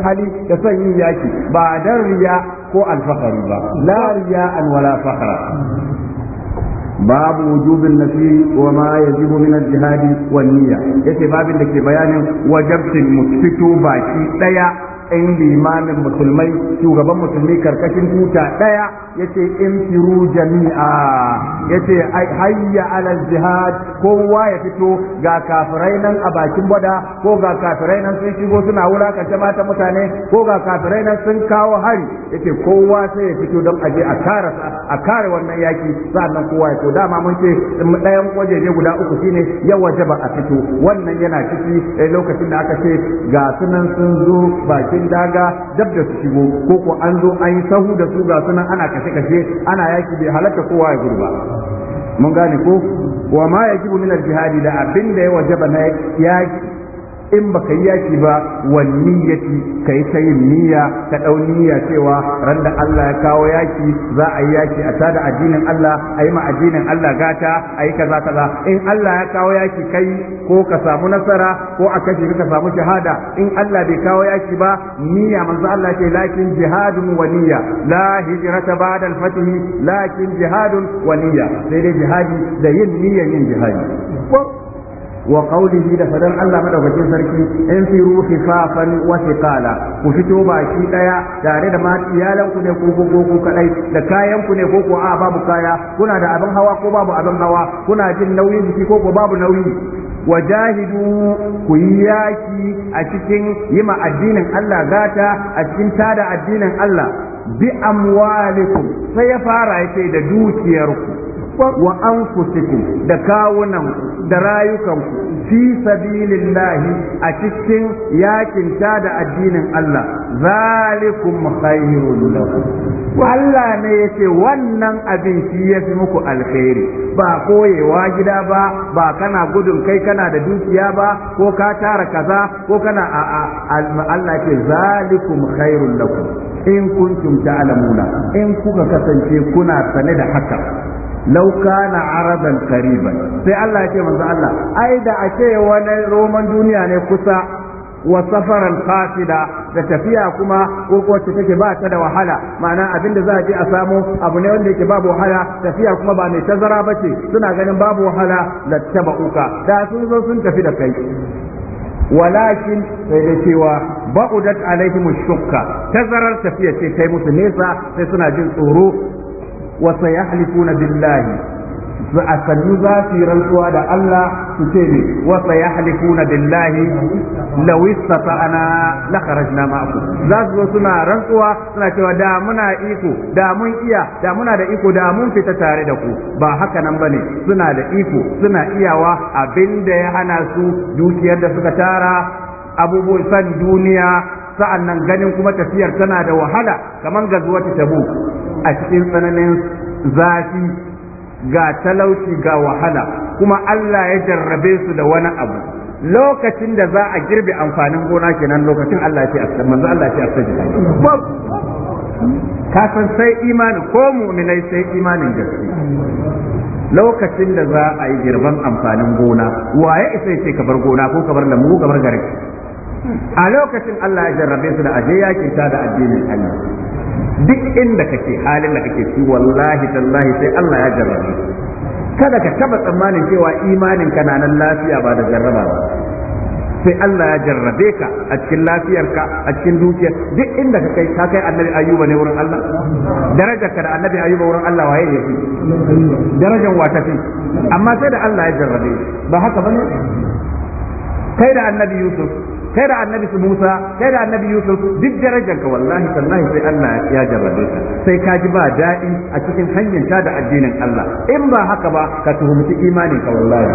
hali da son yin yaki ba dan riya ko alfahari ba la riya an wala fakhra babu wujubin nafi wa ma yajibu min al-jihadi wa niyya yace babin da ke bayanin wajabtin fito baki daya in limamin musulmai shugaban musulmi karkashin tuta daya yace in firu jami'a yace hayya ala jihad kowa ya fito ga kafirai nan a bakin bada ko ga kafirai nan sun shigo suna wulakanta mata mutane ko ga kafirai nan sun kawo hari yace kowa sai ya fito don aje a kare a kare wannan yaki sannan kowa ya to dama mun ce ɗayan ne guda uku shine ya ba a fito wannan yana ciki eh, lokacin da aka ce ga sunan sun zo bakin daga dab da su shigo ko ko an zo an yi sahu da su ga sunan ana kashe-kashe ana yaki bai halatta kowa ya gudu ba mun gane ko wa ma yajibu min al-jihadi da abin da ya wajaba na yaki in ba ka yi yaki ba wan niyyati kai ta yin niyya ka ɗau niyya cewa ran da Allah ya kawo yaki za a yi yaki a tada addinin Allah a yi ma addinin Allah gata a yi kaza kaza in Allah ya kawo yaki kai ko ka samu nasara ko a kashe ka samu shahada in Allah bai kawo yaki ba niyya manzo Allah ce lakin jihadun wa niyya la hijrata ba'da al-fath lakin jihadun wa niyya sai dai jihadi da yin niyya yin jihadi wa qawlihi da fadan Allah madaukakin sarki in fi ruhi safan wa thiqala ku fito baki daya tare da iyalan ku ne ko ko ku kadai da kayan ku ne ko ko a babu kaya kuna da abin hawa ko babu abin hawa kuna jin nauyin jiki ko ko babu nauyi wajahidu ku yi yaki a cikin yima addinin Allah gata a cikin tada addinin Allah bi amwalikum sai ya fara yake da dukiyarku wa anfusikum da kawunan da rayukanku fi sabilillahi a cikin yakin da addinin Allah zalikum khairul lakum Allah ne yace wannan abin shi yafi muku alkhairi ba koyewa gida ba ba kana gudun kai kana da dukiya ba ko ka tara kaza ko kana a Allah yace zalikum khairul lakum in kuntum ta'lamuna in kuka kasance kuna sane da haka Lauka na araban qariban sai Allah ya ce manzo Allah ai da a ce wani roman duniya ne kusa wa safaran qasida da tafiya kuma ko wacce take bata da wahala ma'ana abin da za je a samu abu ne wanda yake babu wahala tafiya kuma ba mai tazara ba ce suna ganin babu wahala la tabauka da sun zo sun tafi da kai walakin sai da cewa ba'udat alaihim shukka tazarar tafiya ce kai musu nesa sai suna jin tsoro wa sayahlifuna billahi a sannu za su yi rantsuwa da Allah su ce ne wa sayahlifuna billahi law istata'ana la kharajna maku, za su zo suna rantsuwa suna cewa da muna iko da mun iya da muna da iko da mun fita tare da ku ba haka nan ne, suna da iko suna iyawa abinda ya hana su dukiyar da suka tara abubuwan san duniya nan ganin kuma tafiyar tana da wahala kamar gazuwar tabu a cikin tsananin zafi ga talauci ga wahala kuma Allah ya jarrabe su da wani abu lokacin da za a girbe amfanin gona kenan lokacin Allah ya ce manzo Allah ya ce ka san sai imani ko mu'minai sai imanin gaske lokacin da za a yi girban amfanin gona waye isa ce ka bar gona ko ka bar lamu ko ka bar gari? a lokacin Allah ya jarrabe su da aje yakin ta da addinin Allah duk inda kake halin da kake ci wallahi tallahi sai Allah ya jarrabe kada ka taba tsammanin cewa imanin ka na nan lafiya ba da jarraba ba sai Allah ya jarrabe ka a cikin lafiyar ka a cikin dukiyar duk inda ka kai ka kai annabi ayyuba ne wurin Allah darajar ka da annabi ayyuba wurin Allah waye ne shi darajar wata ce amma sai da Allah ya jarrabe ba haka bane kai da annabi yusuf kai da annabi Musa kai da annabi Yusuf duk darajar ka wallahi tallahi sai Allah ya jarrabe ka sai ka ji ba daɗi a cikin hanyar ta da addinin Allah in ba haka ba ka tuhumci imanin ka wallahi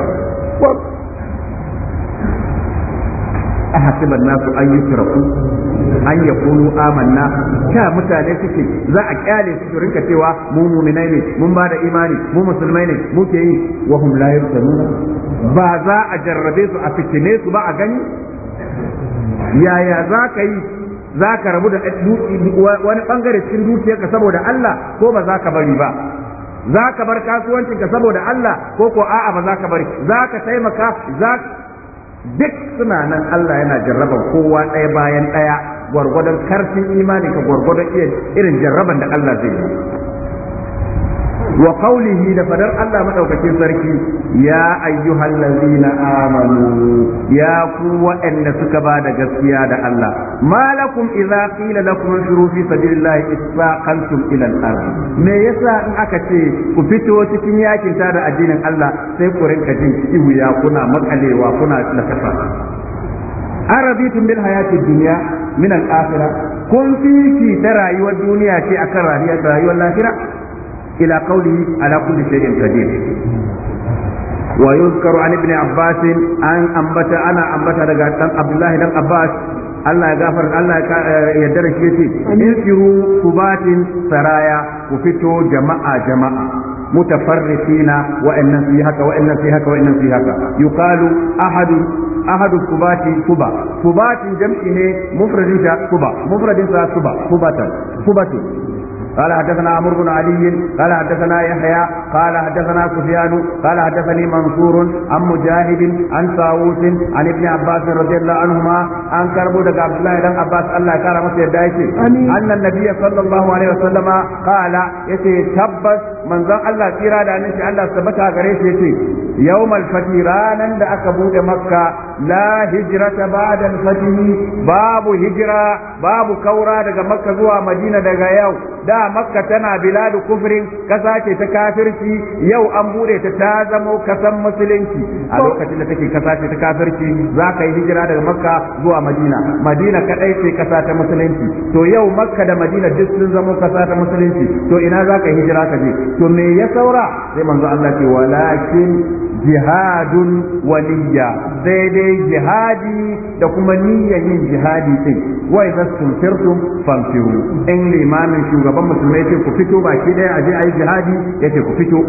ahasiban nasu an yi turaku an ya kunu amanna ta mutane suke za a kyale su su rinka cewa mu muminai ne mun ba da imani mu musulmai ne muke yi wa hum la ba za a jarrabe su a fitine su ba a gani yaya za ka yi za ka rabu da wani bangare cikin dukiyarka saboda Allah ko ba za ka bari ba za ka bar kasuwancinka saboda Allah ko ko a'a ba za ka bari za ka taimaka za duk suna nan Allah yana jarraban kowa ɗaya bayan ɗaya gwargwadon karfin imani ka gwargwadon irin jarraban da Allah zai yi wa qawlihi da fadar Allah madaukakin sarki ya ayyuhallazina amanu ya ku waɗanda suka ba da gaskiya da Allah malakum idza qila lakum shuru fi sabilillahi isaqantum ila al-ard me yasa in aka ce ku fito cikin yakin ta da addinin Allah sai ku rinka jin kiwuya kuna makalewa kuna lafafa arabitun bil hayatid dunya min al-akhirah kun fi ta rayuwar duniya ce akan rayuwar lahira إلى قوله على كل شيء قدير ويذكر عن ابن عباس أن أنبت أنا أنبت عبد الله بن عباس ya gafar Allah ya dare shi yace saraya ku fito jama'a jama'a mutafarrisina wa innan fi haka wa innan fi haka wa innan fi haka yuqalu ahadu ahadu kubati kuba قال حدثنا عمرو بن علي قال حدثنا يحيى قال حدثنا سفيان قال حدثني منصور عن مجاهد عن طاووس عن ابن عباس رضي الله عنهما عن كربو دك عبد الله بن عباس الله كان مسجد دايتي أن النبي صلى الله عليه وسلم قال يتي تبس من ذا الله تيرا da annabi Allah tabbata gare shi yace yawmal fati ranan da aka bude makka la hijrata ba'da al-fatihi babu hijra babu kaura daga makka zuwa madina daga yau da makka tana biladu kufrin kasa ce ta kafirci yau an bude ta ta zama kasan musulunci a lokacin da take kasa ce ta kafirci za ka yi hijira daga makka zuwa madina madina kadai ce kasa ta musulunci to yau makka da madina duk sun zama kasa ta musulunci to ina za ka yi hijira ka je to me ya saura sai manzo Allah ce walakin jihadun waliya daidai dai jihadi da kuma niyyar yin jihadi din wai za su fanfiru in limamin shugaban musulmai ce ku fito baki daya aje ayi jihadi yace ku fito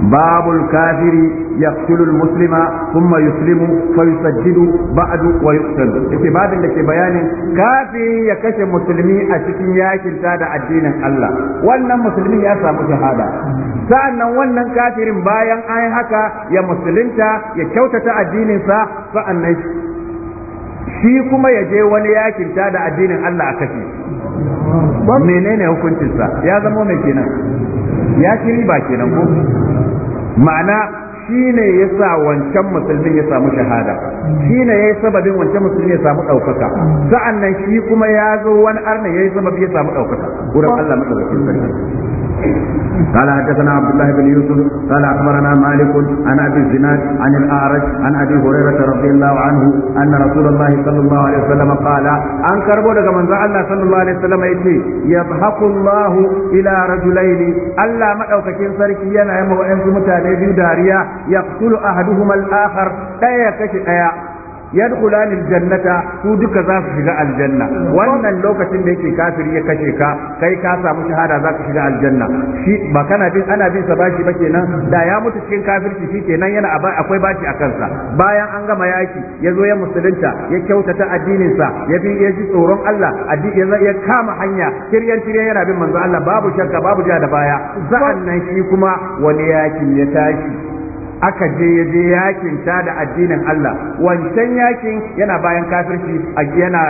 باب الكافر يقتل المسلم ثم يسلم فيسجد بعد ويقتل في باب اللي بيان كافر يكشف مسلمي أشكين ياكل addinin الدين الله وانا مسلمي samu شهادة sa'annan wannan kafirin bayan an haka ya musulunta ya kyautata addininsa sa'annan shi kuma ya je wani yakinta da addinin Allah a kashe menene hukuncinsa ya zama mai kenan ya ci ba kenan ko ma'ana shi ne ya sa wancan musulmin ya samu shahada shi ne ya sababin wancan musulmin ya samu ɗaukaka sa'an nan shi kuma ya zo wani arna ya yi ya samu ɗaukaka wurin Allah maɗaukakin sarki قال حدثنا عبد الله بن يوسف قال اخبرنا مالك عن ابي الزناد عن الاعرج عن ابي هريره رضي الله عنه ان رسول الله صلى الله عليه وسلم قال ان كربو daga manzo Allah sallallahu alaihi wasallam yace yadhaku Allah ila ne. Allah madaukakin sarki yana yi wa mutane biyu dariya yaqtulu ahaduhuma al ɗaya ya kashe ɗaya. yadkhulani aljannata su duka za su shiga aljanna wannan lokacin da yake kafiri ya kace ka kai ka samu shahada za ka shiga aljanna shi ba kana bin ana bin sa bashi ba kenan da ya mutu cikin kafirci shi kenan yana akwai bashi a kansa bayan an gama yaki ya zo ya musulunta ya kyautata addinin sa ya bi ya ji tsoron Allah ya kama hanya kiryan kiryan yana bin manzo Allah babu shakka babu ja da baya nan shi kuma wani yakin ya tashi aka je ya je yakin ta da addinin Allah wancan yakin yana bayan kafirci yana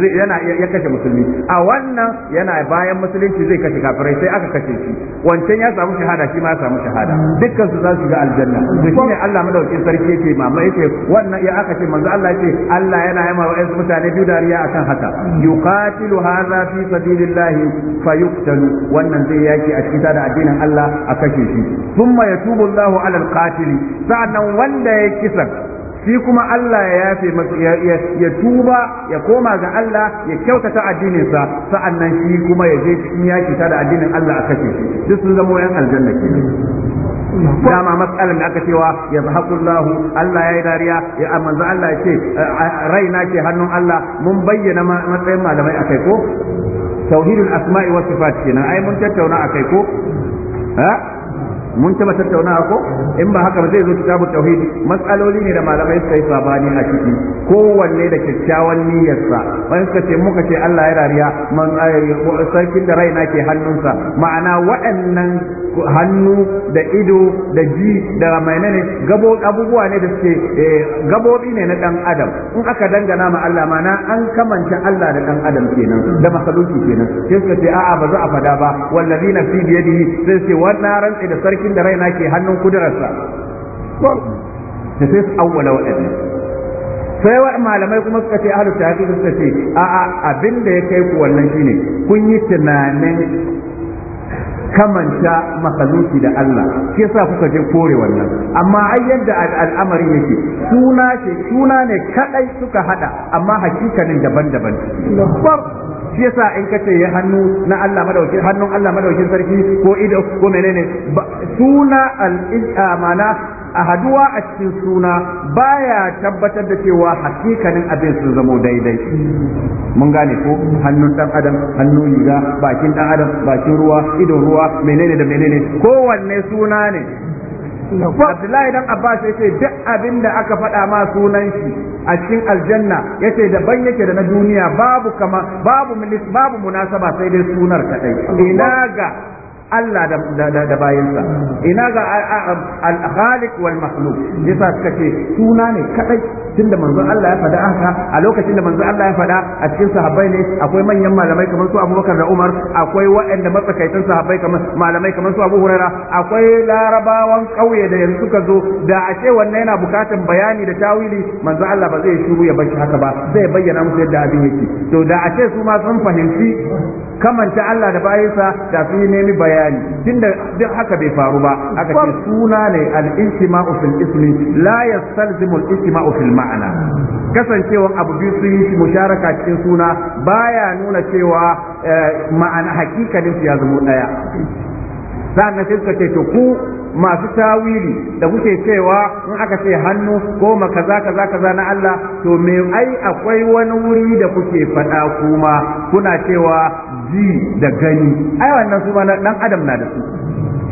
yana ya kashe musulmi a wannan yana bayan musulunci zai kashe kafirai sai aka kashe shi wancan ya samu shahada shi ma ya samu shahada dukkan su za su ga aljanna to shine Allah madaukin sarki yake mama yake wannan ya aka ce manzo Allah yake Allah yana yi ma wa'ansu mutane biyu dariya akan haka yuqatilu hadha fi sabilillah fayuqtalu wannan zai yaki a cikin da addinin Allah a kashe shi thumma yatubu Allahu ala sa'annan wanda ya kisan shi kuma Allah ya yafe ya tuba ya koma ga Allah ya kyautata addininsa sa'annan shi kuma ya je cikin yaki ta da addinin Allah a kashe duk sun zama yan aljanna kenan dama matsalar da aka cewa ya zahakullahu Allah ya yi dariya ya manzo Allah ya ce na ke hannun Allah mun bayyana matsayin malamai kai ko tauhidul asma'i was sifat kenan ai mun tattauna kai ko ha mun taba tattaunawa ko in ba haka ba zai zo kitabu tauhid matsaloli ne da malamai suka sabani a ciki kowanne da kyakkyawan niyyarsa ba suka ce muka ce Allah ya rariya man eh, sarkin da raina ke hannunsa ma'ana waɗannan hannu da ido da ji da ne. gabo abubuwa ne da suke eh, gabobi ne na dan adam in aka dangana ma Allah maana an kamanta Allah da dan adam kenan da masaluki kenan sai suka ce a'a ba za a fada ba wallazina fi biyadihi sai ce wannan rantsi da sarki lokacin da raina ke hannun kudurarsa da sai su awwala waɗanne sai wa malamai kuma suka ce ahlu tahqiq suka ce a'a abin da ya kai ku wannan shine kun yi tunanin kamanta makaluki da Allah shi sa kuka je kore wannan amma ai yadda al'amarin yake suna ce suna ne kadai suka hada amma hakikanin daban-daban shi yasa in kace ya hannu na Allah madaukin hannun Allah madaukin sarki ko ido ko menene suna al a haduwa a cikin suna baya tabbatar da cewa hakikanin abin sun zamo daidai mun gane ko hannun dan adam hannun riga, bakin dan adam bakin ruwa ido ruwa menene da menene kowanne suna ne Abdullahi dan Abbas yace duk abin da aka faɗa ma sunan shi a cikin aljanna yace daban yake da na duniya babu kama babu babu munasaba sai dai sunar kadai ina ga Allah da bayansa ina ga al-khaliq wal makhluq yasa suka ce suna ne kadai tunda manzo Allah ya faɗa haka a lokacin da manzo Allah ya faɗa a cikin sahabbai ne akwai manyan malamai kamar su Abubakar da Umar akwai waɗanda matsakaitan sahabbai kamar malamai kamar su Abu Hurairah akwai larabawan kauye da yanzu suka zo da a ce wannan yana bukatan bayani da tawili manzo Allah ba zai shiru ya bar shi haka ba zai bayyana musu yadda abin yake to da a ce su ma sun fahimci kamanta Allah da bayansa da fi nemi bayani tunda duk haka bai faru ba aka ce suna ne al-ijtima'u fil ismi la yastalzimu al-ijtima'u fil ma'ana Kasancewan abu biyu sun yi musharaka cikin suna baya nuna cewa eh, ma'ana hakikalin su ya zama daya sannan sai suka ce to ku masu tawili da kuke cewa in aka ce hannu ko kaza kaza kaza na Allah to me ai akwai wani wuri da kuke faɗa kuma kuna cewa ji da gani ai wannan su ma dan adam na da su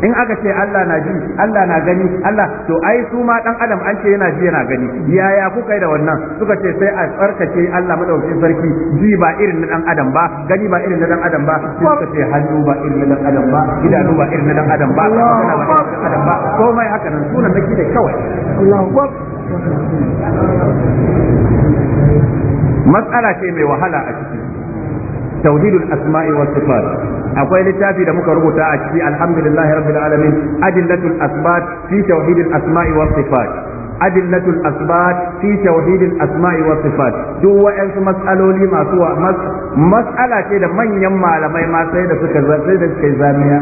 in aka ce Allah na ji Allah na gani Allah to ai su ma dan adam an ce yana ji yana gani yaya kuka yi da wannan suka ce sai a tsarkake Allah madauki sarki ji ba irin na dan adam ba gani ba irin na dan adam ba suka ce hannu ba irin na dan adam ba idanu ba irin na dan adam ba malam ba komai haka nan sunan nake da kawai Allahu akbar matsala ce mai wahala a ciki tauhidul asma'i was sifat akwai littafi da muka rubuta a ciki alhamdulillah rabbil alamin adillatul asbat fi tauhidil asma'i was sifat adillatul asbat fi tauhidil asma'i was sifat duk wa'ansu mas'aloli masu mas'ala ce da manyan malamai ma sai da suka sai da suka zamiya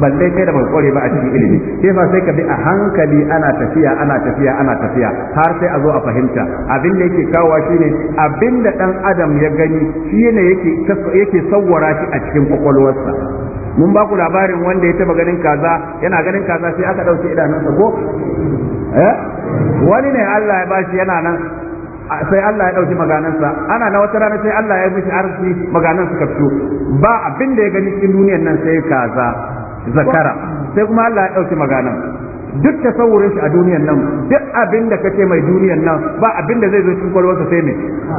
balle kai da ban kware ba a cikin ilimi sai fa sai ka bi a hankali ana tafiya ana tafiya ana tafiya har sai a zo a fahimta abin da yake kawo shine abin da dan adam ya gani shine yake yake sawwara shi a cikin kwakwalwarsa mun ba ku labarin wanda ya taba ganin kaza yana ganin kaza sai aka dauke idanunsa ko eh wani ne Allah ya bashi yana nan sai Allah ya ɗauki maganansa ana na wata rana sai Allah ya mishi arziki maganan suka fito ba abin da ya gani cikin duniyar nan sai kaza zakara sai kuma Allah ya ɗauki magana duk tasawurin shi a duniyan nan duk abin da kace mai duniyan nan ba abin da zai zo cikin kwalwarsa sai ne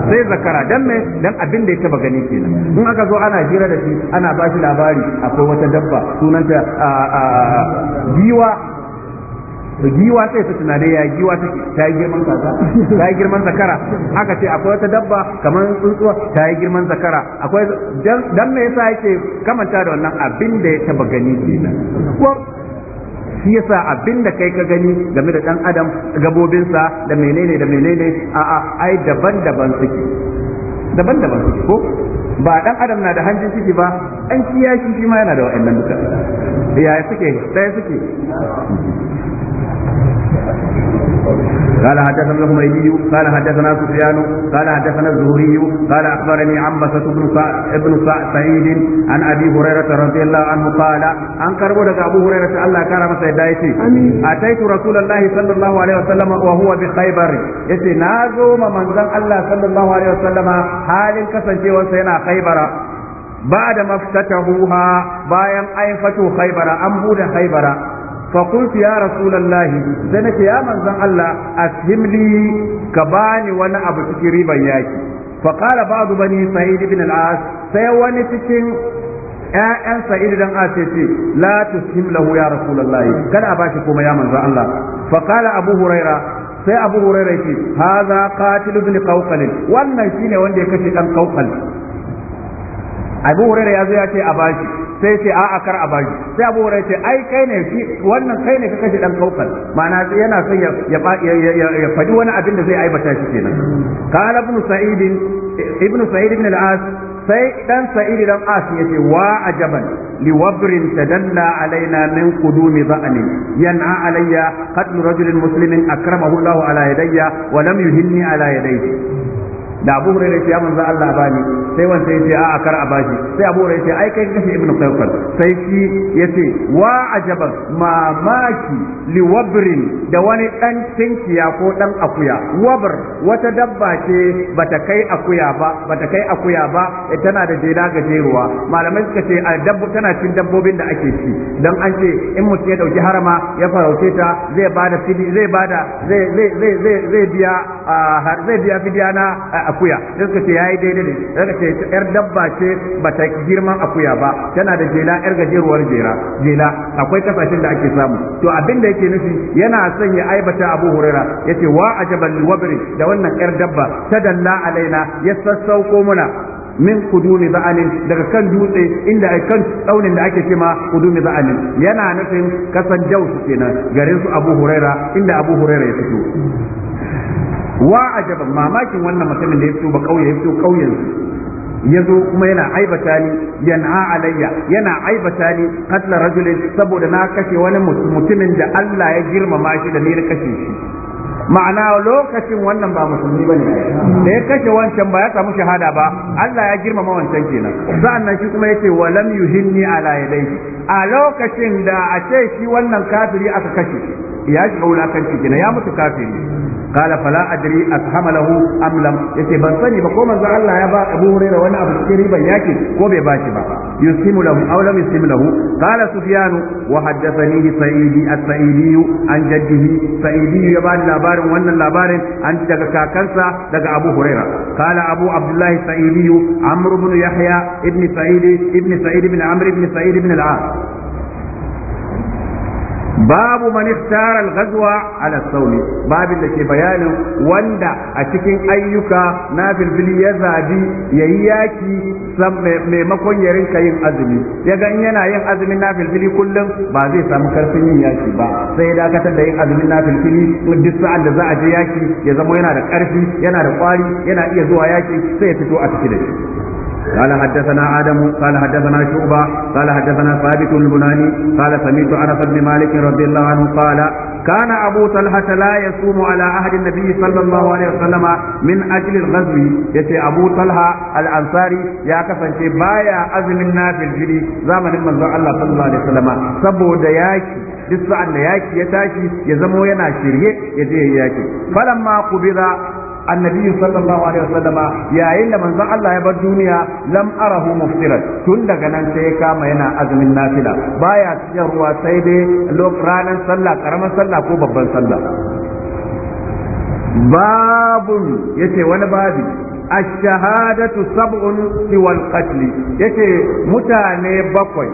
sai zakara dan me dan abin da ya taba gani kenan in aka zo ana jira da shi ana ba shi labari akwai wata dabba sunanta giwa to giwa sai ta tunane ya giwa take ta yi girman kaza ta yi girman zakara Haka ce akwai wata dabba kamar tsuntsuwa ta yi girman zakara akwai dan me yasa yake kamanta da wannan abin da ya taba gani kenan shi yasa abin da kai ka gani game da dan adam gabobinsa da menene da menene a a ai daban-daban suke daban-daban suke ko ba dan adam na da hanjin ciki ba an kiyashi shi ma yana da wa'annan duka yaya suke ɗaya suke قال حدثنا الحميدي قال حدثنا سفيان قال حدثنا الزهري قال اخبرني عنبسة بن ابن سعيد عن ابي هريره رضي الله عنه قال عن كربو ابو هريره الله كرم سيدايتي اتيت رسول الله صلى الله عليه وسلم وهو بخيبر يتي نازو منزل الله صلى الله عليه وسلم حال كسنتي وسينا خيبر بعد ما افتتحوها باين اي فتو خيبر ام بود خيبر فقلت يا رسول الله Allah يا من زن الله wani لي كباني وانا أبو تكري بياكي فقال بعض بني سعيد بن العاص سيواني تكين ‘ya'yan sa'idu dan ace ce la tushim lahu ya rasulullahi kada a bashi kuma ya manzo Allah fa qala abu sai abu huraira ce hadha qatil ibn qawqal wannan shine wanda ya kashe dan qawqal abu huraira ya zo ya ce a bashi sai ce a'a kar a bari sai Abu Hurairah ce ai kai ne wannan kai ne ka kashe dan kaukar ma'ana yana son ya ya fadi wani abin da zai aibata shi kenan qala ibn sa'id ibn sa'id ibn al-as sai dan sa'id dan as yace wa ajaban liwabrin tadalla alaina min qudumi dha'ni yan'a alayya qatl rajulin muslimin akramahu Allah ala yadayya wa lam yuhinni ala yadayhi da Abu Hurairah ya manzo Allah bani sai wanda ya ce a'a kar a bashi sai abu ya ce ai kai kashe ibn qayyim sai shi ya ce wa mamaki wabrin da wani dan tinkiya ko dan akuya wabr wata dabba ce bata kai akuya ba bata kai akuya ba eh, tana da jela gajeruwa malamai suka ce a dabbu tana cin dabbobin da ake ci dan an ce in mutum ya dauki harama ya farauce ta zai bada fidi zai bada zai zai zai zai biya ah, zai biya fidiya na ah, akuya sai suka ce yayi daidai ne ce yar dabba ce ba ta girman akuya ba tana da jela yar gajeruwar jera jela akwai kasashen da ake samu to abin da yake nufi yana son ya aibata Abu Huraira yace wa ajaban wabri da wannan yar dabba ta dalla alaina ya sassauko muna min kuduni za'anin daga kan dutse inda ai kan tsaunin da ake ce ma kuduni za'anin yana nufin kasan jausu kenan garin su Abu Huraira inda Abu Huraira ya fito wa ajaban mamakin wannan mutumin da ya fito ba kauye ya fito kauyen ya zo kuma yana aibata ni yana alayya yana aibata ni qatla rajulin saboda na kashe wani mutumin da Allah ya girmama shi da ni na kashe shi ma'ana lokacin wannan ba musulmi bane da ya kashe wancan ba ya samu shahada ba Allah ya girmama wancan kenan sa'annan shi kuma yace wa lam yuhinni ala yadayhi a lokacin da a ce shi wannan kafiri aka kashe ya shiga wulakanci kenan ya mutu kafiri qala fala adri ashama lahu am lam yace ban sani ba ko manzo Allah ya ba Abu Hurairah wani abu cikin riba yaki ko bai bashi ba yusimu lahu aw lam yusimu lahu qala sufyan wa haddathani sa'idi as-sa'idi an jaddihi sa'idi ya ba labarin wannan labarin an daga kakansa daga Abu Hurairah qala Abu Abdullah sa'idi Amr ibn Yahya ibn Sa'id ibn Sa'id ibn Amr ibn Sa'id ibn al-As babu man iftara al-ghazwa ala sawmi babin da ke bayanin wanda a cikin ayyuka na bilbili ya zabi yayi yaki maimakon ya rinka yin azumi ya ga in yana yin azumin na bilbili kullum ba zai samu karfin yin yaki ba sai ya dakatar da yin azumin na bilbili duk sa'an da za a je yaki ya zama yana da karfi yana da kwari yana iya zuwa yaki sai ya fito a ciki da shi قال حدثنا آدم قال حدثنا شعبة قال حدثنا ثابت البناني قال سمعت عرف بن مالك رضي الله عنه قال كان أبو طلحة لا يصوم على عهد النبي صلى الله عليه وسلم من أجل الغزو يتي أبو طلحة الأنصاري يا كفن شي بايا أزم النافل جدي زمن من الله صلى الله عليه وسلم سبو دياكي duk sa'an da yaki ya tashi ya zamo yana shirye ya je yaki falamma qubida annabi sallallahu alaihi wasallama yayin da manzon Allah ya bar duniya lam arahu muftiran tun daga nan sai ya kama yana azumin nafila baya cin ruwa sai dai ranar sallah karamar sallah ko babban sallah babun yace wani babi الشهادة سبع سوى القتل يتي mutane bakwai.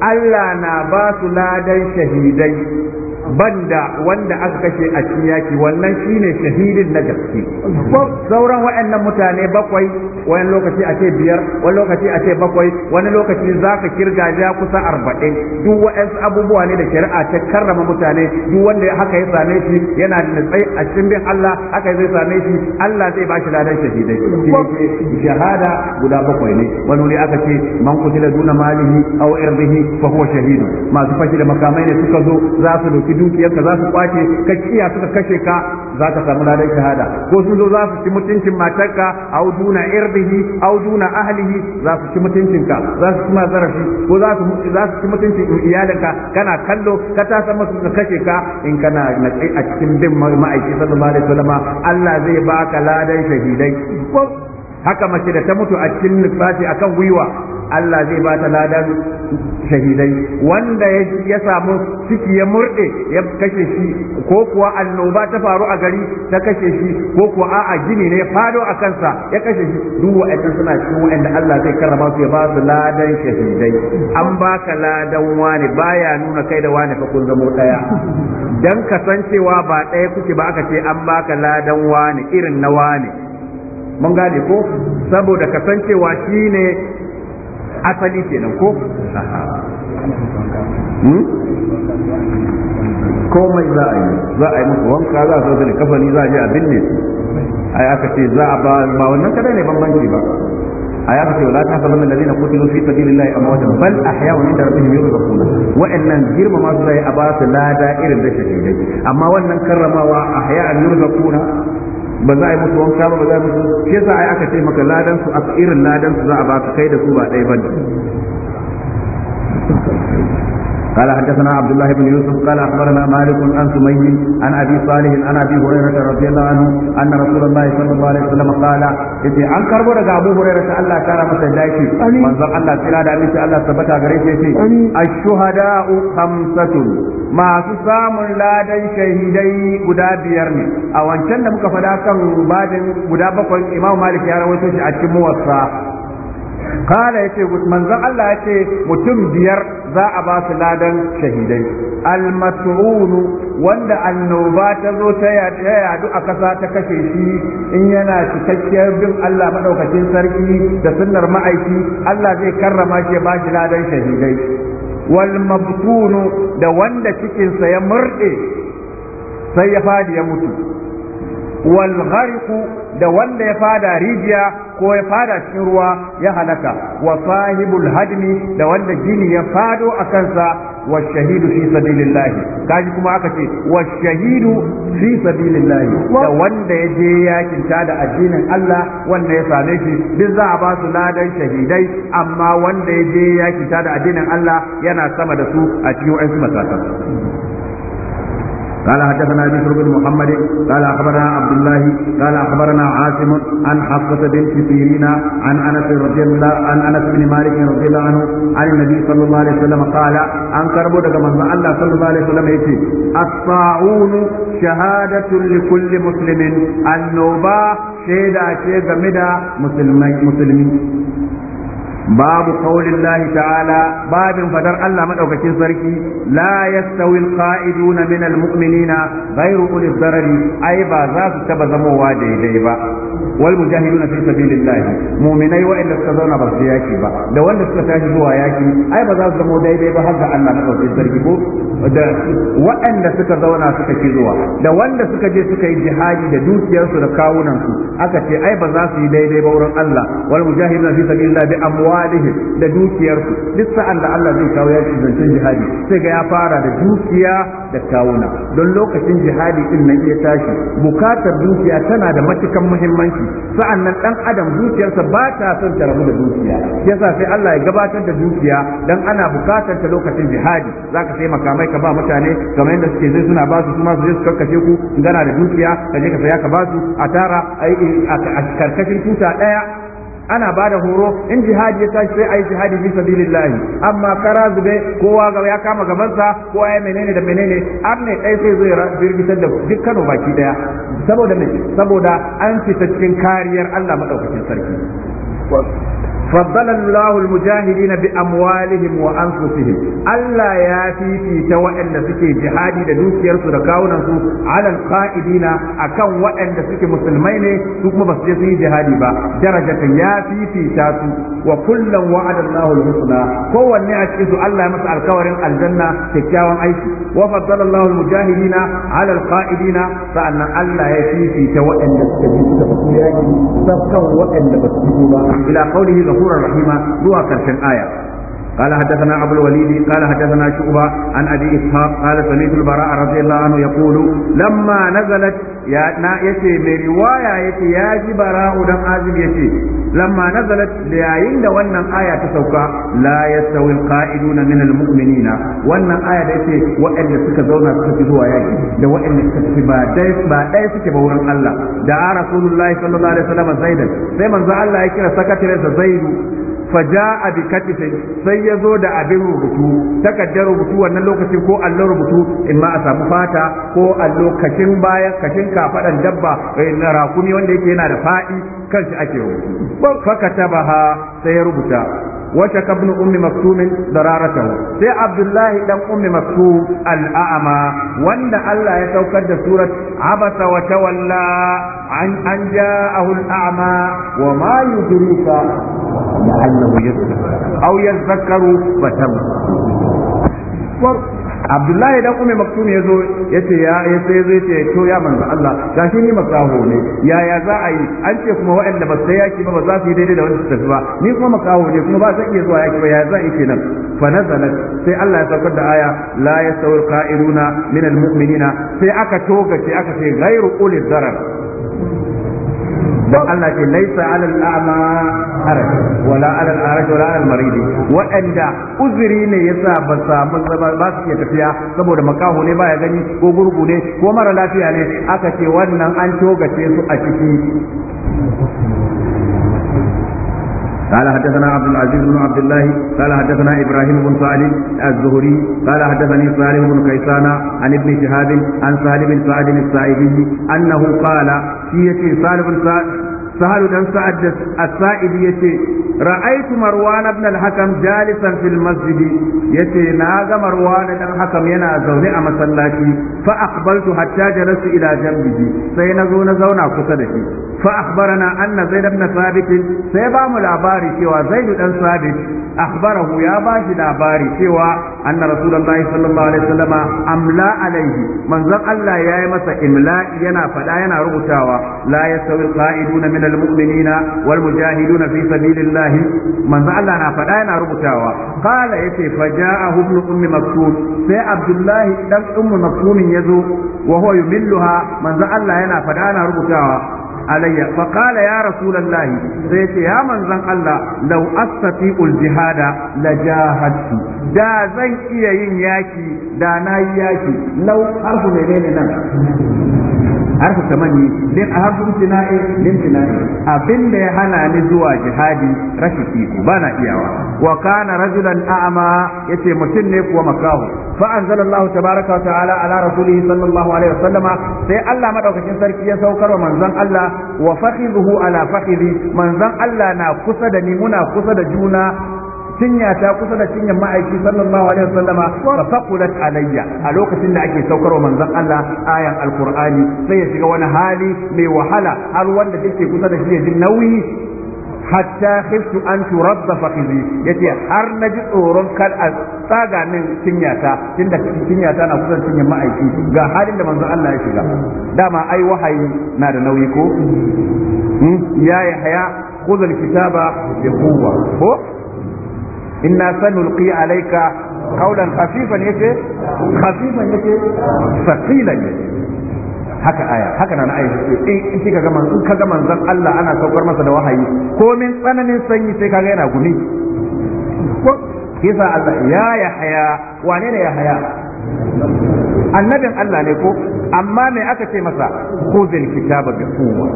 Allah na basu ladan shahidai banda wanda aka kashe a cikin yaki wannan shine shahidin na gaske sauran waɗannan mutane bakwai wani lokaci a ce biyar wani lokaci a ce bakwai wani lokaci za ka kirga ja kusa arba'in duk waɗansu abubuwa ne da shari'a ta karrama mutane duk wanda haka ya same shi yana da nutsai a cikin bin Allah haka zai same shi Allah zai ba shi ladan shahidai shahada guda bakwai ne wani ne aka ce man kutila duna malihi aw irdihi fa huwa shahidun masu fashi da makamai ne suka zo za su doki ɗauki dukiyarka za su kwace ka kiya suka kashe ka za ka samu ladan shahada ko sun zo za su ci mutuncin matarka au duna irdihi au duna ahlihi za su ci mutuncinka za su kuma zarafi ko za su za su ci mutuncin iyalinka kana kallo ka ta san musu su kashe ka in kana natsi a cikin bin ma'aiki sallallahu alaihi wasallam Allah zai baka ladan shahidai haka mace da ta mutu a cikin lissafi akan gwiwa Allah zai ba ta ladan shahidai wanda ya samu ciki ya murde ya kashe shi ko kuwa annoba ta faru a gari ta kashe shi ko kuwa a'a gini ne ya fado a kansa ya kashe shi duk wa'annan suna cikin wa'anda Allah zai karrama su ya ba su ladan shahidai an baka ladan wani baya nuna kai da wani fa kun zamo ɗaya. dan kasancewa ba ɗaya kuke ba aka ce an baka ladan wani irin na wani mun gane ko saboda kasancewa shine asali kenan ko hmm? komai za a yi za a yi musu wanka za a zo da kafani za a je a binne su ai aka ce za a ba ba wannan kada ne bambanci ba ai aka ce wala ta fa lamin ladina qutilu fi sabilillahi amwatan bal ahya'un inda rabbihim yurzaqun wa'annan girma ma su zai a ba su lada irin da shahidai amma wannan karramawa ahya'an yurzaquna ba za a yi musu wanka ba ba za a yi musu shi yasa ai aka ce maka ladan su a irin ladan su za a baka kai da su ba ɗaya ne. قال حدثنا عبد الله بن يوسف قال اخبرنا مالك عن سمي عن ابي صالح عن ابي هريره رضي الله عنه ان رسول الله صلى الله عليه وسلم قال yace an karbo daga Abu Hurairah ta Allah kara masa dace manzon Allah tsira da miki Allah tabbata gare shi yace ash-shuhada'u khamsatun masu samun ladan shahidai guda biyar ne a wancan da muka fada kan babin guda bakwai Imam Malik ya rawaito shi a cikin muwassa kala yace manzon Allah ce mutum biyar za a ba su ladan shahidai al-mas'un wanda annoba ta zo ta yadu a ƙasa ta kashe shi in yana cikakkiyar bin Allah madaukakin sarki da sunnar ma'aiki Allah zai karrama shi ba shi ladan shahidai wal da wanda cikinsa ya murde sai ya fadi ya mutu wal ghariqu da wanda ya fada rijiya ko ya fada cikin ruwa ya halaka wa sahibul hadmi da wanda gini ya fado a kansa wa shahidu fi sabilillah kaji kuma aka ce wa shahidu fi sabilillah da wanda ya je yakin da addinin Allah wanda ya same shi duk za a ba su ladan shahidai amma wanda ya je yakin da addinin Allah yana sama da su a cikin wa'ansu matakan قال حدثنا بشر بن محمد قال اخبرنا عبد الله قال اخبرنا عاصم عن حفصه بنت سيرين عن انس رضي الله عن انس بن مالك رضي الله عنه عن النبي صلى الله عليه وسلم قال ان كربو daga manzon Allah sallallahu alaihi wasallam yace as-sa'un shahadatu li kulli muslimin annoba shaida ce game da musulmai musulmi babu qaulin lahi ta'ala babin fadar Allah maɗaukacin sarki la sauyin alqa'iduna min almu'minina ghayru ulil darari ai ba za su taɓa zamowa daidai ba wal mujahiduna fi sabilillah mu'minai wa'anda suka zauna ba su yaki ba da wanda suka tashi zuwa yaki ai ba za su zama daidai ba har ga Allah na ɗauki sarki ko da wa'anda suka zauna suka ki da wanda suka je suka yi jihadi da dukiyarsu da kawunansu aka ce ai ba za su yi daidai ba wurin Allah wal mujahiduna fi sabilillah bi amwalihim da dukiyarsu duk sa'an da Allah zai kawo yaki zancen jihadi sai ga ya fara da dukiya da kawuna don lokacin jihadi din nan tashi bukatar dukiya tana da matukan muhimmanci Sa'an nan dan adam zuciyarsa ba ta son ta rabu da dukiya yasa sai Allah ya gabatar da dukiya dan ana bukatar ta lokacin jihadi zaka sai makamai ka ba mutane kamar yadda suke zai suna ba su kuma su je su karkace ku gana da dukiya ka je ka saya ka ba su a tara a karkashin tuta daya ana bada horo in jihadi ya tashi sai a yi jihadi fi sabilillahi amma kara zube kowa ga ya kama gabansa ko ya menene da menene an ne ɗaya sai zai birgitar da duk Kano baki daya saboda me saboda an fita cikin kariyar Allah madaukakin sarki فضل الله المجاهدين بأموالهم وأنفسهم ألا ياتي في توأن سكي جهادي لدوك يرسو دكاونا على القائدين أكون وأن سكي مسلمين ثم بسجسي جهادي با درجة ياتي في تاسو وكلا وعد الله الحسنى هو النعت ألا يمسع الكورن الجنة تكاوان أيشي وفضل الله المجاهدين على القائدين فأن ألا ياتي في توأن سكي جهادي سبقا وأن بسجسي إلى قوله surar rahima zuwa karshen aya قال حدثنا ابو الوليد قال حدثنا شعبه عن ابي اسحاق قال سمعت البراء رضي الله عنه يقول لما نزلت يا نا يتي من يتي يا براء دم عازب يتي لما نزلت ليعين da wannan aya ta sauka la yastawi alqa'iduna min almu'minina wannan aya da yake waɗanda suka zauna suka fi zuwa yaki da waɗanda suka fi ba dai ba dai suke ba wurin Allah da rasulullahi sallallahu alaihi wasallam zaidan sai manzo Allah ya kira sakataren sa zaidu faja bi katifin sai ya zo da abin rubutu takaddar rubutu wannan lokacin ko allon rubutu in ma a samu fata ko allo kashin baya kashin kafadan dabba eh, na rakumi wanda yake yana da fa'i shi ake rubutu fa ha sai ya rubuta وشك ابن أم مكتوم ضرارته سي عبد الله دم أم مكتوم الأعمى وان الله يتوكد سورة عبس وتولى عن أن جاءه الأعمى وما يدريك لعله يذكر أو يذكر فتمسك abdullahi dan umar maktum ya zo ya ce ya ya sai zai ce to ya manzo Allah gashi ni makaho ne yaya za a yi an ce kuma waɗanda ba sai yaki ba ba za su yi daidai da wanda su tafi ba ni kuma makaho ne kuma ba zan iya zuwa yaki ba ya za a yi kenan fa nazalat sai Allah ya saukar da aya la yastawil qa'iruna min almu'minina sai aka toga sai aka ce ghairu qulil zarar don Allah ce laisa alal a'ma haraj wala alal araj wala alal maridi waɗanda uzuri ne yasa ba samu ba su ke tafiya saboda makahu ne baya gani ko gurgu ne ko mara lafiya ne aka ce wannan an togace su a ciki قال حدثنا عبد العزيز بن عبد الله قال حدثنا ابراهيم بن صالح الزهري قال حدثني صالح بن كيسان عن ابن شهاب عن سالم بن سعد الساعدي انه قال shi yace salibun sa'ad dan sa'ad da as-sa'idi yace ra'aytu marwan ibn al-hakam jalisan fil masjid yace na ga marwan dan hakam yana zaune a masallaci fa aqbaltu hatta jalastu ila jambihi sai na zo na zauna kusa da shi fa akhbarana anna zaid ibn thabit sai ba mu labari cewa zaid dan thabit akhbarahu ya ba shi labari cewa anna rasulullahi sallallahu alaihi wasallam amla alaihi manzon Allah ya yi masa imla'i yana faɗa yana rubutawa la yasawi qa'iduna min almu'minina wal mujahiduna fi sabilillah manzon Allah na fada yana rubutawa qala yace faja'ahu ibn ummi maktum sai abdullahi dan ummu maktum yazo wa huwa yumilluha manzon Allah yana faɗa yana rubutawa alayya fa qala ya rasulullah sai ce ya manzon Allah law astati'ul jihada la jahadtu da zan iya yin yaki da nayi yaki law harfu menene nan harfu tamanni din a harfu tina'i din tina'i abinda ya hana ni zuwa jihadi rashin iko na iyawa wa kana rajulan a'ma yace mutum ne kuwa makahu fa anzalallahu tabaraka wa ta'ala ala rasulihi sallallahu alaihi wasallama sai Allah madaukakin sarki ya saukar wa manzon Allah wa fakhidhu ala fakhidhi manzon Allah na kusa da ni muna kusa da juna cinya ta kusa da cinyan ma'aiki sallallahu alaihi wasallama fa faqulat alayya a lokacin da ake saukarwa manzon Allah ayan alqur'ani sai ya shiga wani hali mai wahala har wanda take kusa da shi ya ji nauyi hatta khiftu an turadda faqizi yace har na ji tsoron kar a tsaga min cinyata tunda ta na kusan cinyin ma'aiki ga halin da manzon Allah ya shiga dama ai wahayi na da nauyi ko hmm? ya yahya khudh alkitaba bi quwwa ko inna sanulqi alayka qawlan khafifan yace khafifan yace saqilan haka aya haka nan aya ce in kike ga manzon kaga manzon Allah ana saukar masa da wahayi ko min tsananin sanyi sai kaga yana gumi ko kisa Allah ya yahya wane ne yahya annabin Allah ne ko amma me aka ce masa khudhil kitaba bi quwwa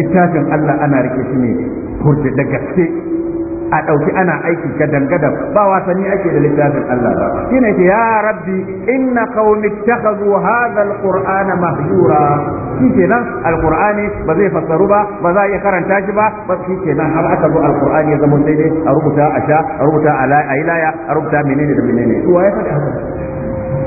littafin Allah ana rike shi ne kurje da gaske a ɗauki ana aiki gadan-gadan ba wasanni ake da littafin Allah ba shi ne ya rabbi inna qaumi ittakhadhu hadha alqur'ana mahjura kenan alqur'ani ba zai fassaru ba ba za iya karanta shi ba ba kenan har aka zo alqur'ani ya zama sai dai a rubuta a sha a rubuta a laya a rubuta menene da menene to ya faɗi haka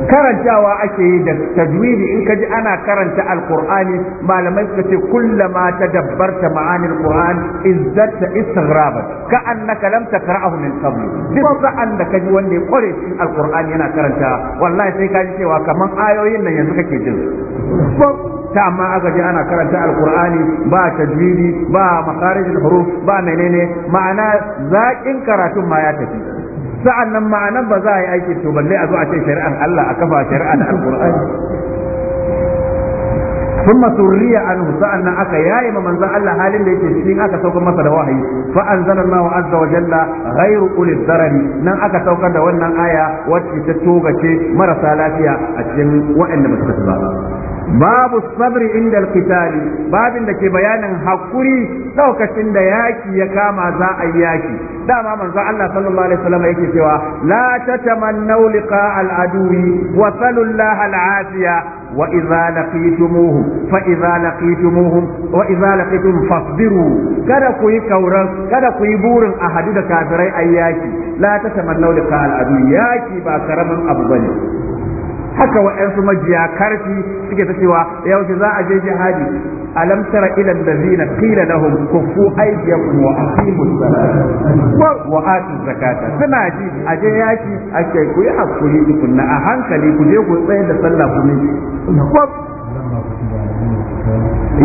karantawa ake yi da tajwidi in kaji ana karanta alkur'ani malamai suka ce kullama tadabbarta ma'anil qur'an izzatta istighraba ka annaka lam takra'ahu min qabl duk sa'an da kaji wanda ya kware cikin alqur'ani yana karanta wallahi sai kaji cewa kaman ayoyin nan yanzu kake jin ta amma aka je ana karanta alkur'ani ba tajwidi ba makarijul huruf ba menene ma'ana zaƙin karatun ma ya tafi sa’an nan ma’anan ba za a yi aiki to balle a zo a ce shari'ar Allah a kafa shari’an al’ur’ai sun masurriya an sa’an nan aka yayi ma manzan Allah halin da yake cikin aka saukar masa da wahayi fa an zana ma wa azza wa jalla ghairu ulil darari nan aka saukar da wannan aya wacce ta togace marasa lafiya a cikin wa'anda ba su tafi ba babu sabri inda alqitali babin da ke bayanin hakuri lokacin da yaki ya kama za a yi yaki dama manzo Allah sallallahu alaihi wasallam yake cewa la tatamannu liqa al-aduwi wa sallallahu al-afiya wa idza laqitumuhum fa idza laqitumuhum wa idza laqitum fasbiru kada ku yi kauran kada ku yi burin a hadu da kafirai ayyaki la tatamannu liqa al-aduwi yaki ba karamin abu bane haka wa'yansu majiya karfi suke ta cewa yaushe za a je jihadi alam tara ila allazina qila lahum kuffu aydiyakum wa aqimus salata wa atu zakata suna ji a je yaki a ce ku yi hakuri tukunna a hankali ku je ku tsaye da sallah ku ne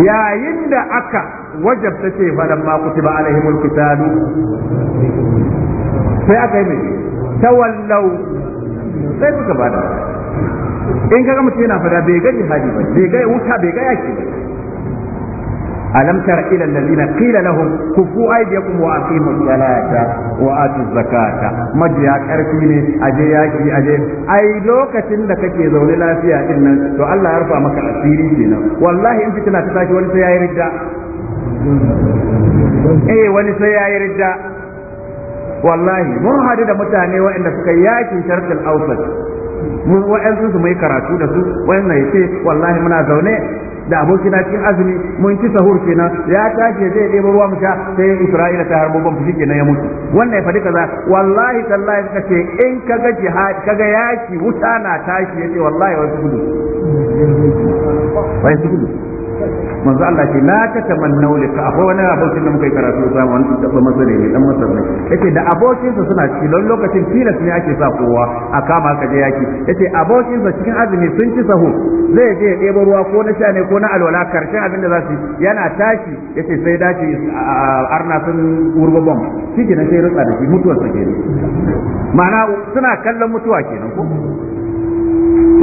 yayin da aka wajabta ce falamma kutiba alaihimul qitalu sai aka yi mai tawallau sai suka da. in kaga mutum yana fada bai ga jihadi ba bai ga wuta bai ga yaki ba alam tara ila allazina qila lahum kufu aydiyakum wa aqimu salata wa atu zakata majiya karfi ne aje yaki aje ai lokacin da kake zaune lafiya din nan to Allah ya rufa maka asiri kenan wallahi in fitina ta tashi wani sai yayi ridda eh wani sai yayi ridda wallahi mun hadu da mutane waɗanda suka yaki sharqal awsat mu wa'ansu su mai karatu da su wannan yace wallahi muna zaune da abokina cikin azumi mun ci sahur kenan ya tashi zai ɗebo ruwa mu sha sai Isra'ila ta harbo ban fushi kenan ya mutu wannan ya faɗi kaza wallahi tallahi ka ce in kaga jihad ga yaki wuta na tashi yace wallahi wai su gudu su gudu manzo Allah ce la tatamannu ka akwai wani abokin da muka yi karatu da wani da masare ne dan masar ne yace da abokin sa suna ci lokacin tilas ne ake sa kowa a kama ka je yaki yace abokin sa cikin azumi sun ci sahu zai je ya debo ruwa ko na sha ne ko na alwala karshen abin da za su yana tashi yace sai dace arna sun wurgo bom shi kenan sai rutsa da shi mutuwar sa kenan ma'ana suna kallon mutuwa kenan ko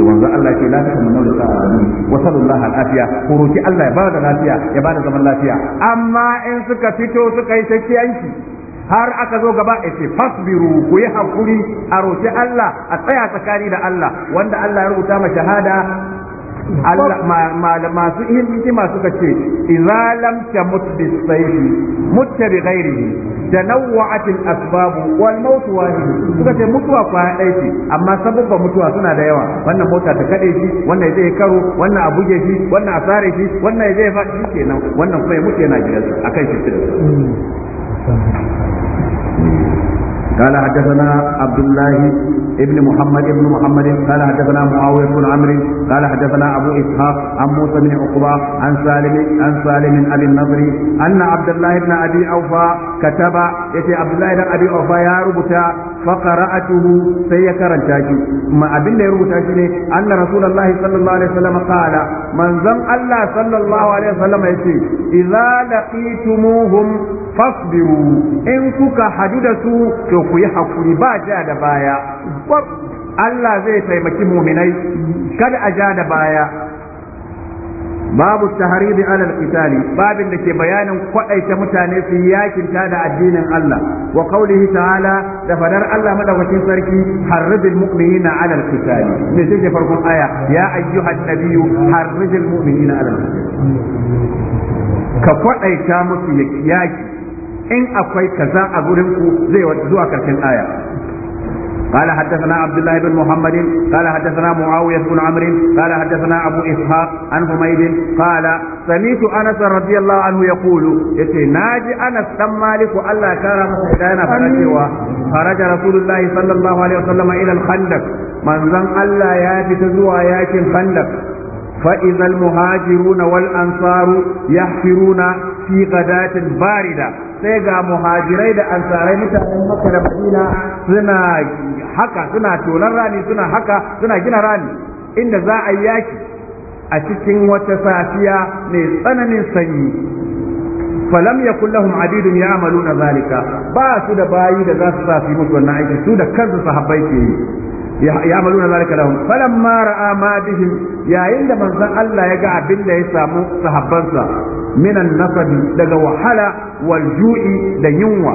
da manzo Allah ke lafiya mun da sa'a wa sallallahu alaihi ko roki Allah ya bada lafiya ya bada zaman lafiya amma in suka fito suka yi takiyanki har aka zo gaba a ce fasbiru ku yi hakuri a roki Allah a tsaya tsakani da Allah wanda Allah ya rubuta ma shahada Allah masu hikima suka ce idza lam tamut bis sayf mutta bi ghairi tanawwa'at al asbab wal maut wahid suka ce mutuwa kwa ɗaya ce amma sabubba mutuwa suna da yawa wannan mota ta kade shi wannan zai karo wannan a buge shi wannan a sare shi wannan zai faɗi kenan wannan kuma ya mutu yana gidansa akan shi قال حدثنا عبد الله ابن محمد ابن محمد قال حدثنا معاوية بن عمرو قال حدثنا أبو إسحاق عن موسى بن عقبة عن سالم عن سالم أبي النضر أن عبد الله بن أبي أوفى كتب يتي عبد الله بن أبي أوفى يا ربتا fa qara'atuhu sai ya karanta ki. ma abin da ya rubuta shi ne anna rasulullahi sallallahu alaihi wasallam qala manzon Allah sallallahu alaihi wasallam yace idza laqitumuhum fasbiru in kuka hadu da su to ku yi hakuri ba ja da baya Allah zai taimaki muminai kada a ja da baya babu tahridi ala al-qitali babin da ke bayanin kwadaita mutane su yakin ta da addinin Allah wa qawlihi ta'ala da fadar Allah madaukakin sarki har mu'minina ala al-qitali ne sai farkon aya ya ayyuhan nabiyyu harridil mu'minina ala al-qitali ka kwadaita musu yaki in akwai kaza a gurin ku zuwa karshen aya قال حدثنا عبد الله بن محمد قال حدثنا معاوية بن عمرو قال حدثنا أبو إسحاق عن حميد قال سمعت أنس رضي الله عنه يقول يتي ناجي أنس تم مالك ألا كان مسحدانا فرجوا خرج رسول الله صلى الله عليه وسلم إلى الخندق من زم ألا ياتي تزوى ياتي الخندق فإذا المهاجرون والأنصار يحفرون في غداة باردة sai ga muhajirai da ansarai mutanen maka da madina suna haka suna tonar rani suna haka suna gina rani inda za a yi yaki a cikin wata safiya mai tsananin sanyi falam yakul lahum abidun ya'maluna zalika ba su da bayi da za su sa su musu wannan aiki su da kansu sahabbai ke yi ya'maluna zalika lahum ma ra'a ma bihim yayin da manzon Allah ya ga abin da ya samu sahabbansa من daga دغ وحلا da دينوا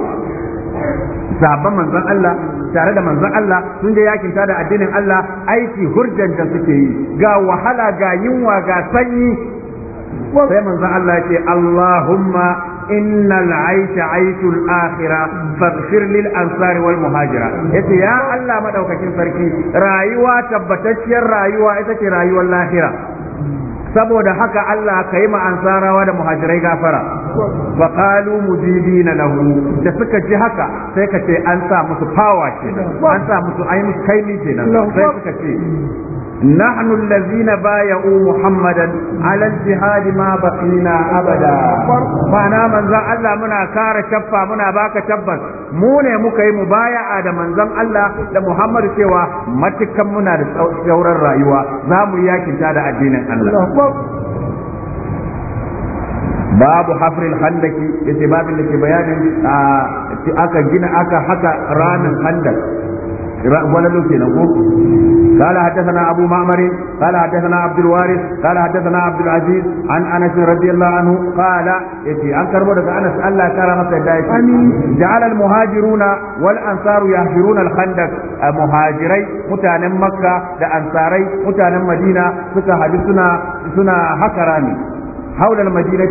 sabon manzon Allah tare da manzon Allah sun je yakinta da addinin Allah aiki hurjan da suke yi ga wahala ga yunwa ga sanyi sai manzon Allah ce Allahumma innal aisha aishul akhira faghfir lil ansari muhajira yace ya Allah madaukakin sarki rayuwa tabbatacciyar rayuwa ita ce rayuwar lahira saboda haka Allah ka yi ansarawa da muhajirai gafara fa qalu mujibina lahu da suka ji haka sai ka ce an sa musu fawa kenan an sa musu ai musu kaimi kenan sai suka ce نحن الذين بايعوا محمدا على الجهاد ما بقينا ابدا فانا من زن الله منا كار شفا منا باك شفا mu ne muka yi mubaya'a da manzon Allah da Muhammad cewa matukan muna da sauran rayuwa za mu yakinta da addinin Allah babu hafril handaki yace babin da ke bayanin aka gina aka haka ranan handak ولد كينكو قال حدثنا أبو معمر قال حدثنا عبد الوارث قال حدثنا عبد العزيز عن أنس رضي الله عنه قال يتي أنكر مدك أنس ألا كرمت جعل المهاجرون والأنصار يهجرون الخندق مهاجري متان مكة da ansarai mutanen madina suka hadu suna suna hakarami حول المدينة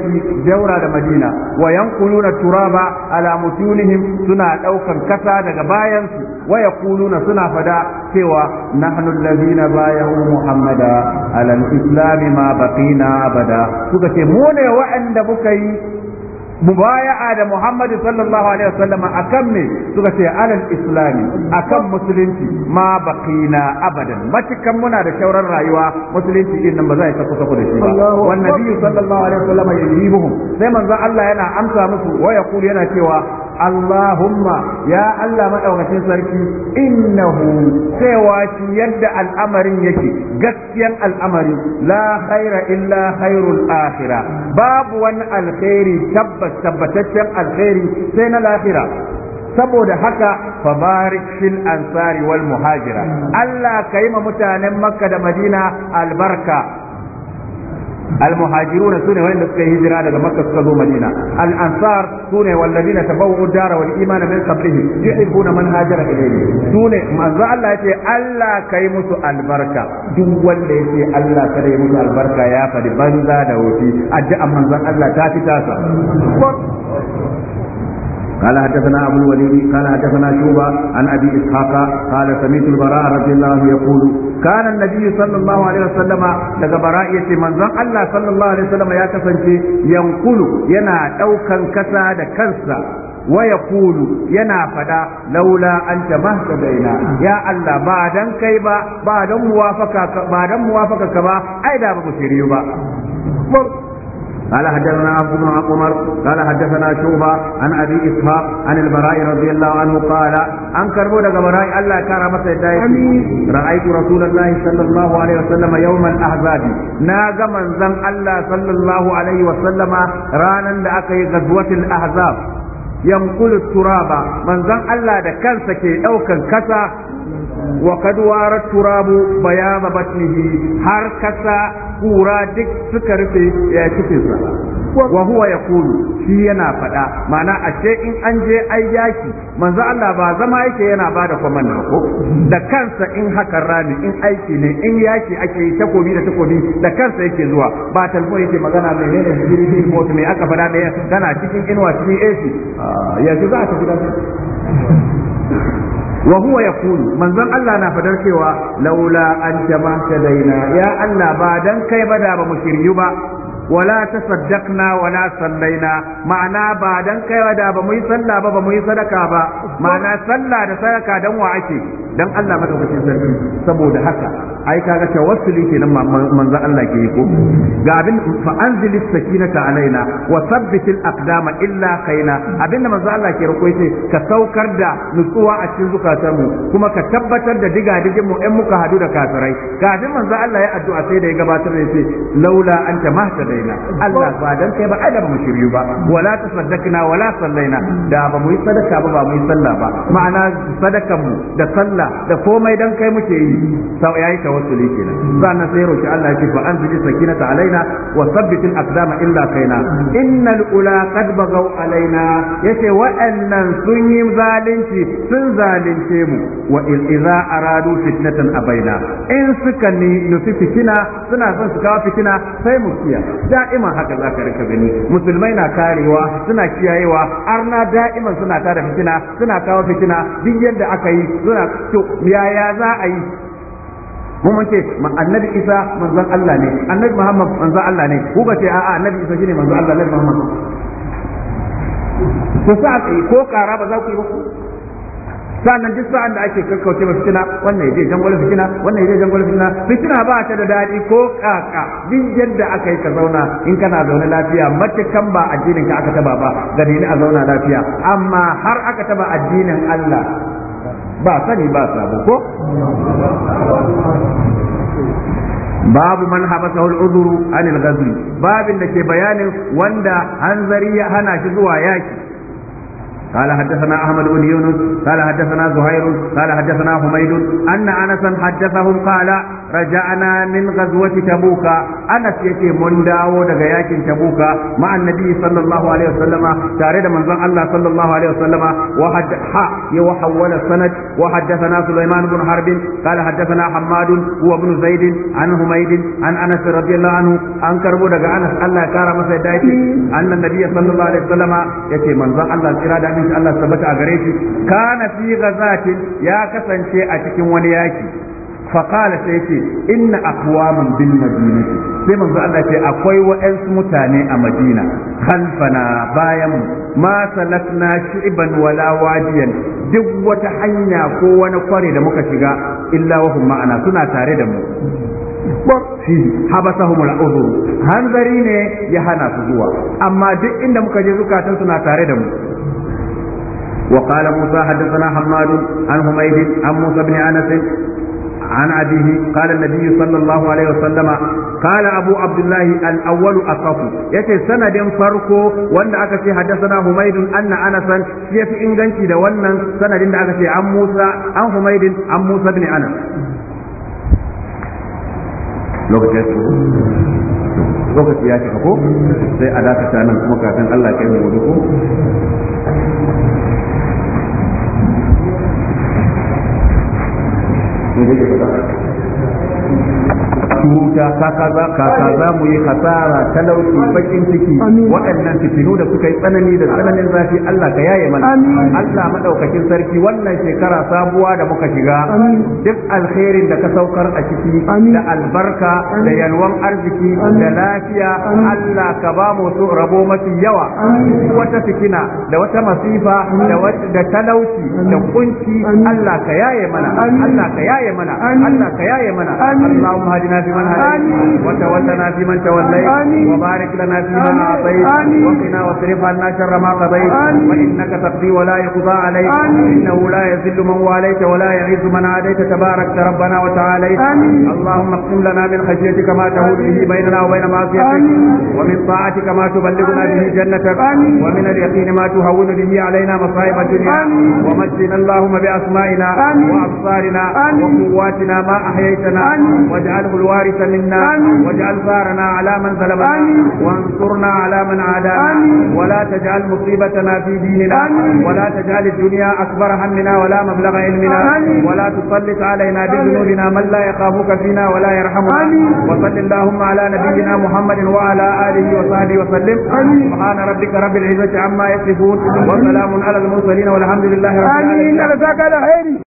جورا المدينة وينقلون التراب على متونهم سنة أوكا كسا دغبايا ويقولون سنة فدا سوى نحن الذين بايعوا محمدا على الإسلام ما بقينا أبدا سكتمون وعند بكي mubaya'a da Muhammad sallallahu alaihi wasallam akan me suka ce alal islami akan musulunci ma na abadan matukan muna da shauran rayuwa musulunci din nan ba za ya tafi shi ba wannan nabi sallallahu alaihi wasallam yajibuhum sai manzo Allah yana amsa musu waya yaqulu yana cewa Allahumma ya Allah ma madaukakin sarki innahu cewa shi yadda al'amarin yake gaskiyar al'amari la khaira illa khairul akhirah babu wani alheri tabbas tabbataccen alheri, sai na lafira. saboda haka fabarik fil ansari wal muhajira Allah ka yi ma mutanen makka da madina albarka المهاجرون سنة وين سكي هجرة لما مكة سكزوا مدينة الأنصار سنة والذين تبوؤوا الدار والإيمان من قبلهم يحبون من هاجر إليه سنة ما زال الله يتي ألا كيمس البركة دول يتي ألا كيمس البركة يا فدي بنزا دوتي أجأ من زال الله تاتي تاسا قال حدثنا ابو الوليد قال حدثنا شوبه عن ابي اسحاق قال سمعت البراء رضي الله عنه يقول kana annabi sallallahu alaihi wasallam daga bara yace manzon Allah sallallahu alaihi wasallam ya kasance yankulu yana ɗaukan kasa da kansa waya Kulu yana fada laula anta mahtadaina ya Allah ba dan kai ba ba dan muwafaka ba dan muwafaka ka ba ai da ba mu shiriyu ba قال حدثنا عبد بن عمر قال حدثنا شعبة عن أبي إسحاق عن البراء رضي الله عنه قال أن كربو لك براء الله كرم رأيت رسول الله صلى الله عليه وسلم يوم الأحزاب ناغ من زم الله صلى الله عليه وسلم رانا لأكي غزوة الأحزاب yankulu turaba manzon Allah da kansa ke ɗaukan kasa wa wara turabu bayaba batnihi har kasa kura duk suka rufe ya cikinsa wa ya yaqulu shi yana faɗa ma'ana ashe in an je ai yaki manzo Allah ba zama yake yana bada kwaman ko da kansa in haka rami in aiki ne in yaki ake yi takobi da takobi da kansa yake zuwa ba talfo yake magana mai ne jirgin mota mai aka faɗa da kana cikin inuwa cikin AC yanzu za ta gudanar wa huwa yaqulu manzon Allah na fadar cewa laula an jama'ta daina ya Allah ba dan kai ba da ba mu shiryu ba wala tasaddaqna wala sallaina ma'ana ba dan kaiwa da ba mu yi sallah ba ba mu yi sadaka ba ma'ana sallah da sadaka dan wa ake dan Allah madaukakin sarki saboda haka ai kaga tawassuli kenan manzon Allah ke yi ko ga abin fa anzil sakinata alaina wa thabbit al aqdama illa kaina, abinda manzon Allah ke roƙo yace ka saukar da nutsuwa a cikin mu, kuma ka tabbatar da digadigin mu in muka hadu da kafirai ga abin manzon Allah ya addu'a sai da ya gabatar da yace laula anta mahtada sallaina Allah ba dan kai ba adam mu shiryu ba wala tasaddaqna wala sallaina da ba mu sadaka ba ba mu yi sallah ba ma'ana sadakan mu da sallah da komai dan kai muke yi sau yayi tawassuli kenan sannan sai roki Allah ya ce fa anzil sakinata alaina wa thabbit al-aqdam illa kaina innal ula qad bagaw alaina yace wa'annan sun yi zalunci sun zalunce mu wa idza aradu fitnatan abaina in suka nufi fitina suna son su kawo fitina sai mu kiyaye da'ima haka za ka rika gani musulmai na karewa suna kiyayewa arna da'ima suna tada fitina suna kawo fitina duk yadda aka yi suna to yaya za a yi mu mun ce annabi isa manzon Allah ne annabi muhammad manzon Allah ne ku ba ce a'a annabi isa shine manzon Allah ne muhammad ko sa ko kara ba za ku yi ba sannan duk sa'an da ake kakkauce fitina wannan yaje jangwal fitina wannan yaje jangwal fitina fitina ba ta da dadi ko kaka duk yadda aka yi ka zauna in kana zaune lafiya matukan ba addinin ka aka taba ba gani a zauna lafiya amma har aka taba addinin Allah ba sani ba sabo ko babu man habasahu al-udhru anil ghazwi babin da ke bayanin wanda hanzari ya hana shi zuwa yaki قال حدثنا احمد بن يونس قال حدثنا زهير قال حدثنا حميد ان انسا حدثهم قال raja'ana min ghazwati tabuka anas yace mun dawo daga yakin tabuka ma annabi sallallahu alaihi wasallama tare da manzon Allah sallallahu alaihi wasallama wa ha ya wa hawala sanad wa haddathana sulaiman ibn harb qala haddathana hammad huwa ibn zaid an humayd an anas radiyallahu anhu an karbo daga anas Allah ya kara masa yadda yake annan nabi sallallahu alaihi wasallama yace manzon Allah tsira da Allah tabbata a gare shi kana fi ghazatin ya kasance a cikin wani yaki faƙala sai ce inna aqwaman bil madinati sai manzo Allah ce akwai wa'ansu mutane a Madina khalfana bayan ma salatna shi'ban wala wadiyan duk wata hanya ko wani kware da muka shiga illa wa ma'ana suna tare da mu habasahum al'udhur hanzari ne ya hana su zuwa amma duk inda muka je zukatan suna tare da mu وقال موسى حدثنا حماد عن حميد عن موسى بن انس عن أبيه قال النبي صلى الله عليه وسلم قال أبو عبد الله الأول أصف يتي سند فرقو وأن أكسي حدثنا هميد أن أنسا في إنجنتي دوانا سند أكسي عن موسى عن هميد عن موسى بن أنس lokaci ya cika ko sai a dakata nan kuma kafin Allah kai mu ko ne da ke faɗa cuta ka kaza ka kaza mu yi kasara talauci bakin ciki waɗannan fitinu da suka yi tsanani da tsananin zafi Allah ka yaye mana Allah madaukakin sarki wannan shekara sabuwa da muka shiga duk alkhairin da ka saukar a ciki da albarka da yalwan arziki da lafiya Allah ka ba mu su rabo mafi yawa wata fitina da wata masifa da talauci da kunci Allah ka yaye mana Allah ka yaye mana Allah ka yaye mana Allahumma واهدنا فيمن هديت وتولنا فيمن توليت وبارك لنا فيما اعطيت وقنا واصرف عنا شر ما قضيت وانك تقضي ولا يقضى عليك انه لا يذل من واليت ولا يعز من عاديت تبارك ربنا وتعاليت اللهم اقسم لنا من خشيتك ما تهون به بيننا وبين معصيتك ومن طاعتك ما تبلغنا به جنتك ومن اليقين ما تهون به علينا مصائب الدنيا ومجدنا اللهم باسمائنا وابصارنا وقواتنا ما احييتنا واجعله الوارث منا واجعل ثارنا على من ظلمنا وانصرنا على من عادانا ولا تجعل مصيبتنا في ديننا ولا تجعل الدنيا أكبر همنا ولا مبلغ علمنا ولا تسلط علينا بذنوبنا من لا يخافك فينا ولا يرحمنا وصل اللهم على نبينا محمد وعلى آله وصحبه وسلم سبحان ربك رب العزة عما يصفون وسلام على المرسلين والحمد لله رب العالمين